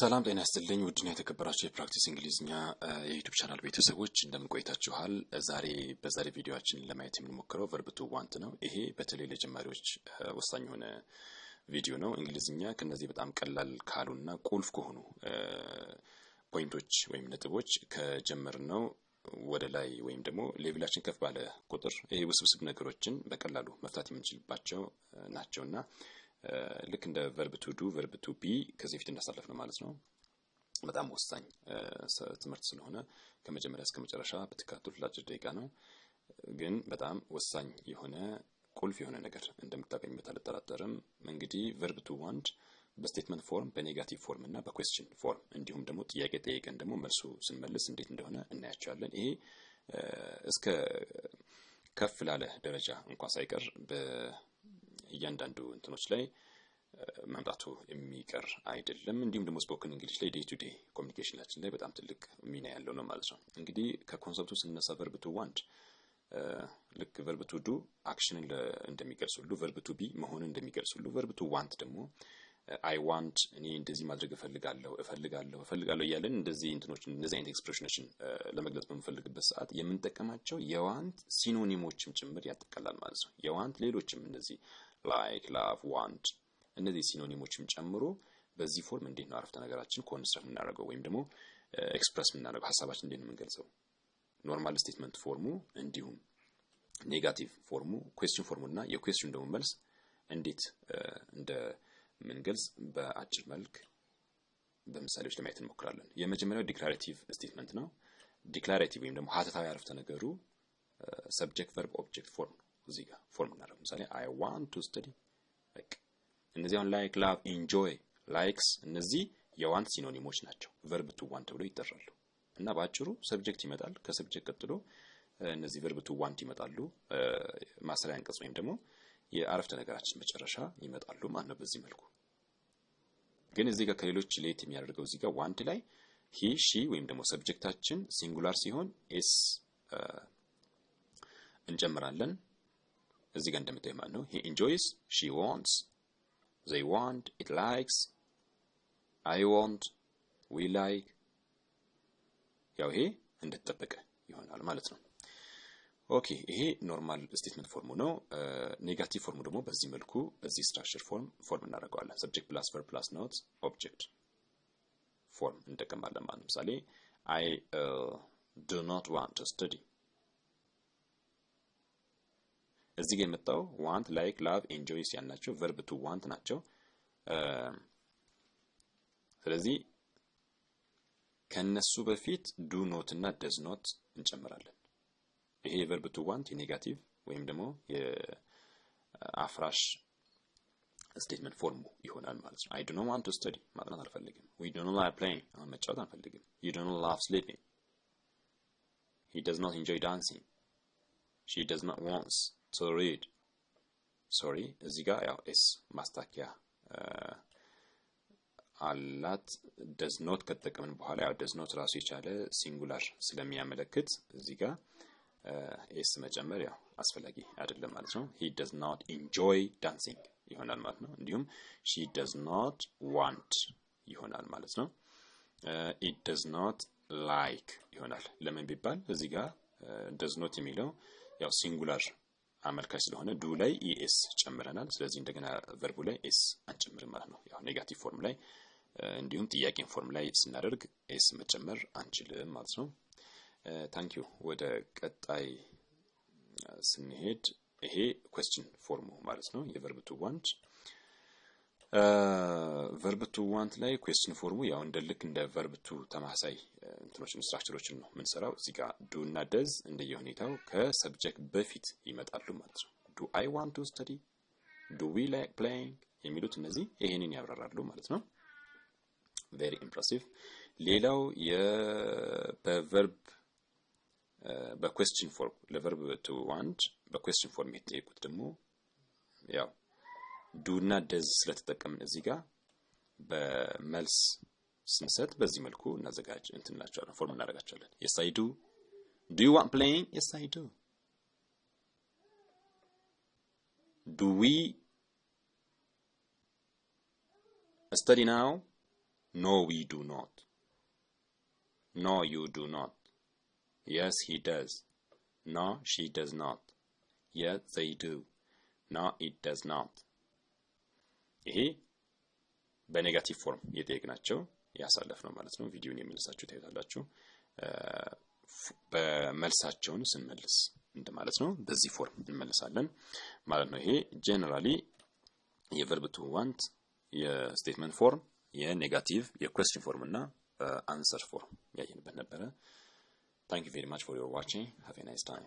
ሰላም ጤና ያስጥልኝ። ውድና የተከበራችሁ የፕራክቲስ እንግሊዝኛ የዩቱብ ቻናል ቤተሰቦች እንደምን ቆይታችኋል? ዛሬ በዛሬ ቪዲዮችን ለማየት የምንሞክረው ቨርብ ቱ ዋንት ነው። ይሄ በተለይ ለጀማሪዎች ወሳኝ የሆነ ቪዲዮ ነው። እንግሊዝኛ ከነዚህ በጣም ቀላል ካሉና ቁልፍ ከሆኑ ፖይንቶች ወይም ነጥቦች ከጀመር ነው ወደ ላይ ወይም ደግሞ ሌቪላችን ከፍ ባለ ቁጥር ይሄ ውስብስብ ነገሮችን በቀላሉ መፍታት የምንችልባቸው ናቸውና ልክ እንደ ቨርብ ቱ ዱ ቨርብ ቱ ቢ ከዚህ በፊት እንዳሳለፍ ነው ማለት ነው። በጣም ወሳኝ ትምህርት ስለሆነ ከመጀመሪያ እስከ መጨረሻ ብትካቱት ለአጭር ደቂቃ ነው፣ ግን በጣም ወሳኝ የሆነ ቁልፍ የሆነ ነገር እንደምታገኙበት አልጠራጠርም። እንግዲህ ቨርብ ቱ ዋንድ በስቴትመንት ፎርም በኔጋቲቭ ፎርም እና በኩዌስችን ፎርም እንዲሁም ደግሞ ጥያቄ ጠይቀን ደግሞ መልሱ ስንመልስ እንዴት እንደሆነ እናያቸዋለን። ይሄ እስከ ከፍ ላለ ደረጃ እንኳን ሳይቀር እያንዳንዱ እንትኖች ላይ መምጣቱ የሚቀር አይደለም። እንዲሁም ደግሞ ስፖክን እንግሊሽ ላይ ዴይ ቱ ዴይ ኮሚኒኬሽናችን ላይ በጣም ትልቅ ሚና ያለው ነው ማለት ነው። እንግዲህ ከኮንሰፕቱ ስነሳ ቨርብቱ ዋንድ ልክ ቨርብቱ ዱ አክሽንን እንደሚገልጽ ሁሉ ቨርብቱ ቢ መሆንን እንደሚገልጽ ሁሉ ቨርብቱ ዋንት ደግሞ አይ ዋንት እኔ እንደዚህ ማድረግ እፈልጋለሁ እፈልጋለሁ እፈልጋለሁ እያለን እንደዚህ እንትኖችን እንደዚህ አይነት ኤክስፕሬሽኖችን uh, ለመግለጽ በምፈልግበት ሰዓት የምንጠቀማቸው የዋንት ሲኖኒሞችም ጭምር ያጠቃላል ማለት ነው። የዋንት ሌሎችም እነዚህ ላይክ ላቭ ዋንት እነዚህ ሲኖኒሞችም ጨምሮ በዚህ ፎርም እንዴት ነው አረፍተ ነገራችን ኮንስትራክት የምናደርገው ወይም ደግሞ ኤክስፕረስ uh, የምናደርገው ሀሳባችን እንዴት ነው የምንገልጸው? ኖርማል ስቴትመንት ፎርሙ እንዲሁም ኔጋቲቭ ፎርሙ ኩዌስችን ፎርሙ እና የኩዌስችን ደግሞ መልስ እንዴት uh, እንደ ምንገልጽ በአጭር መልክ በምሳሌዎች ለማየት እንሞክራለን። የመጀመሪያው ዲክላሬቲቭ ስቴትመንት ነው። ዲክላሬቲቭ ወይም ደግሞ ሀተታዊ አረፍተ ነገሩ ሰብጀክት፣ ቨርብ፣ ኦብጀክት ፎርም ነው። እዚህ ጋር ፎርም እናደርግ። ምሳሌ አይ ዋንት ቱ ስተዲ ላይክ። እነዚህ ላይክ፣ ላቭ፣ ኢንጆይ፣ ላይክስ እነዚህ የዋንት ሲኖኒሞች ናቸው። ቨርብ ቱ ዋን ተብሎ ይጠራሉ። እና በአጭሩ ሰብጀክት ይመጣል። ከሰብጀክት ቀጥሎ እነዚህ ቨርብ ቱ ዋንት ይመጣሉ። ማሰሪያ አንቀጽ ወይም ደግሞ የአረፍተ ነገራችን መጨረሻ ይመጣሉ ማለት ነው። በዚህ መልኩ ግን እዚህ ጋር ከሌሎች ሌት የሚያደርገው እዚህ ጋር ዋንድ ላይ ሂ ሺ ወይም ደግሞ ሰብጀክታችን ሲንጉላር ሲሆን ኤስ uh, እንጨምራለን። እዚህ ጋር እንደምታይ ማለት ነው። ሂ ኢንጆይስ፣ ሺ ዋንትስ፣ ዘይ ዋንት፣ ኢት ላይክስ፣ አይ ዋንት፣ ዊ ላይክ። ያው ይሄ እንደተጠበቀ ይሆናል ማለት ነው። ኦኬ ይሄ ኖርማል ስቴትመንት ፎርሙ ነው። ኔጋቲቭ ፎርሙ ደግሞ በዚህ መልኩ እዚህ ስትራክቸር ፎርም ፎርም እናደርገዋለን። ሰብጀክት ፕላስ ቨርብ ፕላስ ኖት ኦብጀክት ፎርም እንጠቀማለን ማለት ለምሳሌ አይ ዱ ኖት ዋንት ቱ ስተዲ እዚህ ጋር የመጣው ዋንት ላይክ ላቭ ሲያን ናቸው ቨርብ ቱ ዋንት ናቸው። ስለዚህ ከነሱ በፊት ዱ ኖት እና ደዝ ኖት እንጨምራለን። ይሄ ቨርብ ቱ ዋንት የኔጋቲቭ ወይም ደግሞ የአፍራሽ ስቴትመንት ፎርሙ ይሆናል ማለት ነው። አይ ዶንት ዋንት ቱ ስተዲ ማጥናት አልፈልግም። ዊ ዶንት ላይክ ፕሌይንግ አሁን መጫወት አልፈልግም። ዩ ዶንት ላቭ ስሊፒንግ ሂ ዶዝ ኖት ኢንጆይ ዳንሲንግ ሺ ዶዝ ኖት ዋንት ቱ ሪድ ሶሪ እዚህ ጋር ያው ኤስ ማስታኪያ uh, አላት ደዝ ኖት ከተጠቀምን በኋላ ያው ደዝ ኖት ራሱ የቻለ ሲንጉላር ስለሚያመለክት እዚህ ጋር ኤስ uh, መጨመር ያው አስፈላጊ አይደለም ማለት ነው። ሂ ዶዝ ኖት ኢንጆይ ዳንሲንግ ይሆናል ማለት ነው። እንዲሁም ሺ ዶዝ ኖት ዋንት ይሆናል ማለት ነው። ኢት ዶዝ ኖት ላይክ ይሆናል። ለምን ቢባል እዚህ ጋር ዶዝ uh, ኖት የሚለው ያው ሲንጉላር አመልካች ስለሆነ ዱ ላይ ኢኤስ e ጨምረናል። ስለዚህ እንደገና ቨርቡ ላይ ኤስ አንጨምርም ማለት ነው። ያው ኔጋቲቭ ፎርም ላይ uh, እንዲሁም ጥያቄን ፎርም ላይ ስናደርግ ኤስ መጨመር አንችልም ማለት ነው። ታንኪዩ ወደ ቀጣይ ስንሄድ ይሄ ኮስችን ፎርሙ ማለት ነው የቨርብ ቱ ዋንት ቨርብ ቱ ዋንት ላይ ኮስችን ፎርሙ ያው እንደ ልክ እንደ ቨርብ ቱ ተማሳይ እንትኖችን ስትራክቸሮችን ነው የምንሰራው። እዚህ ጋር ዱ እና ደዝ እንደየሁኔታው ከሰብጀክት በፊት ይመጣሉ ማለት ነው። ዱ አይ ዋንት ቱ ስተዲ፣ ዱ ዊ ላይክ ፕሌይንግ የሚሉት እነዚህ ይሄንን ያብራራሉ ማለት ነው። ቬሪ ኢምፕሬሲቭ። ሌላው በቨርብ በኩዌስችን ፎርም ለቨርብ ቱ ዋንት በኩዌስችን ፎርም የተጠየቁት ደግሞ ያው ዱ እና ደዝ ስለተጠቀምን እዚህ ጋር በመልስ ስንሰጥ በዚህ መልኩ እናዘጋጅ እንትንላቸዋለን ፎርም እናደርጋቸዋለን። የስ አይ ዱ ዱ ዩ ዋንት ፕሌይንግ የስ አይ ዱ ዱ ዊ ስተዲ ናው ኖ ዊ ዱ ኖት ኖ ዩ ዱ ኖት Yes, he does. No, she does not. Yes, they do. No, it does not. ይሄ በኔጋቲቭ ፎርም የጠየቅናቸው ያሳለፍ ነው ማለት ነው። ቪዲዮን የመለሳችሁ ታዩታላችሁ። በመልሳቸውን ስንመልስ እንደማለት ነው። በዚህ ፎርም እንመልሳለን ማለት ነው። ይሄ ጄኔራሊ የቨርብ ቱ ዋንት የስቴትመንት ፎርም የኔጋቲቭ የኩዌስችን ፎርም እና አንሰር ፎርም ያየንበት ነበረ። Thank you very much for your watching. Have a nice time.